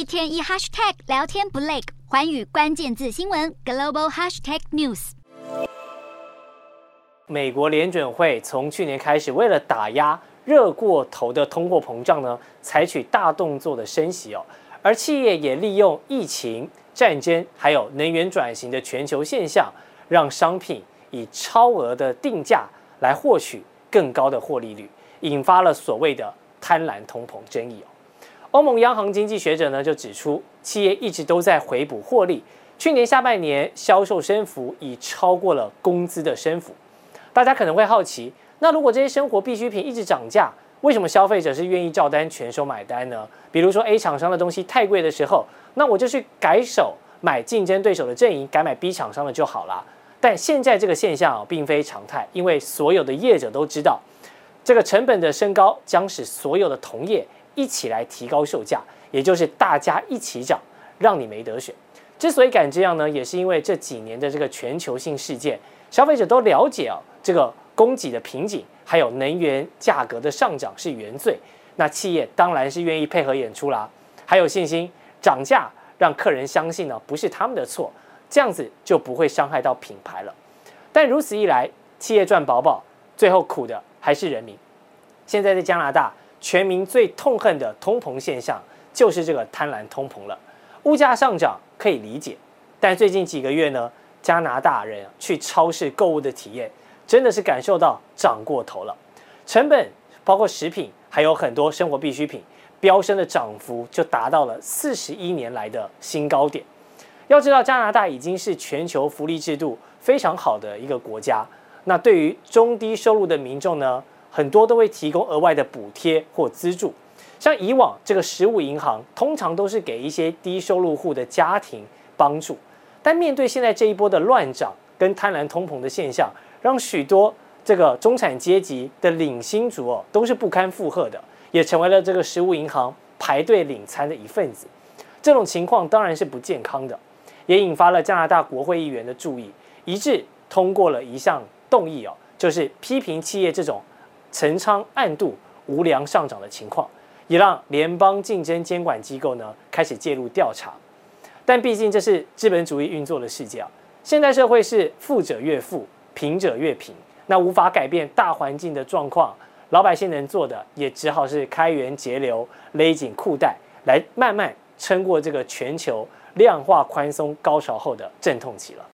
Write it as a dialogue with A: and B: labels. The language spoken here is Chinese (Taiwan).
A: 一天一 hashtag 聊天不累，寰宇關鍵字新聞 global hashtag news。美國聯準會從去年開始，為了打壓熱過頭的通貨膨脹呢，採取大動作的升息哦。而企業也利用疫情、戰爭，還有能源轉型的全球現象，讓商品以超額的定價來獲取更高的獲利率，引發了所謂的“貪婪通膨”爭議哦。歐盟央行經濟學者呢就指出，企業一直都在回補獲利。去年下半年，銷售升幅已超過了工資的升幅。大家可能會好奇，那如果這些生活必需品一直漲價，為什麼消費者是願意照單全收買單呢？比如說 A 廠商的東西太貴的時候，那我就去改手買競爭對手的陣營，改買 B 廠商的就好了。但現在這個現象並非常態，因為所有的業者都知道，這個成本的升高將使所有的同業。一起來提高售價，也就是大家一起漲，讓你沒得選。之所以敢這樣呢，也是因為這幾年的這個全球性事件，消費者都了解啊，這個供給的瓶頸，還有能源價格的上漲是原罪。那企業當然是願意配合演出啦，還有信心漲價，讓客人相信呢啊，不是他們的錯，這樣子就不會傷害到品牌了。但如此一來，企業賺飽飽，最後苦的還是人民。現在在加拿大，全民最痛恨的通膨現象，就是這個貪婪通膨了。物價上漲可以理解，但最近幾個月呢，加拿大人去超市購物的體驗，真的是感受到漲過頭了。成本包括食品，還有很多生活必需品，飆升的漲幅就達到了四十一年來的新高點。要知道，加拿大已經是全球福利制度非常好的一個國家，那對於中低收入的民眾呢，很多都會提供額外的補貼或資助，像以往這個食物銀行通常都是給一些低收入戶的家庭幫助，但面對現在這一波的亂漲跟貪婪通膨的現象，讓許多這個中產階級的領薪族哦、啊、都是不堪負荷的，也成為了這個食物銀行排隊領餐的一份子。這種情況當然是不健康的，也引發了加拿大國會議員的注意，一致通過了一項動議哦、啊，就是批評企業這種。陳倉暗度、無良上漲的情況，也讓聯邦競爭監管機構呢開始介入調查。但畢竟這是資本主義運作的世界啊，現代社會是富者越富、貧者越貧，那無法改變大環境的狀況，老百姓能做的也只好是開源節流、勒緊褲帶，來慢慢撐過這個全球量化寬鬆高潮後的陣痛期了。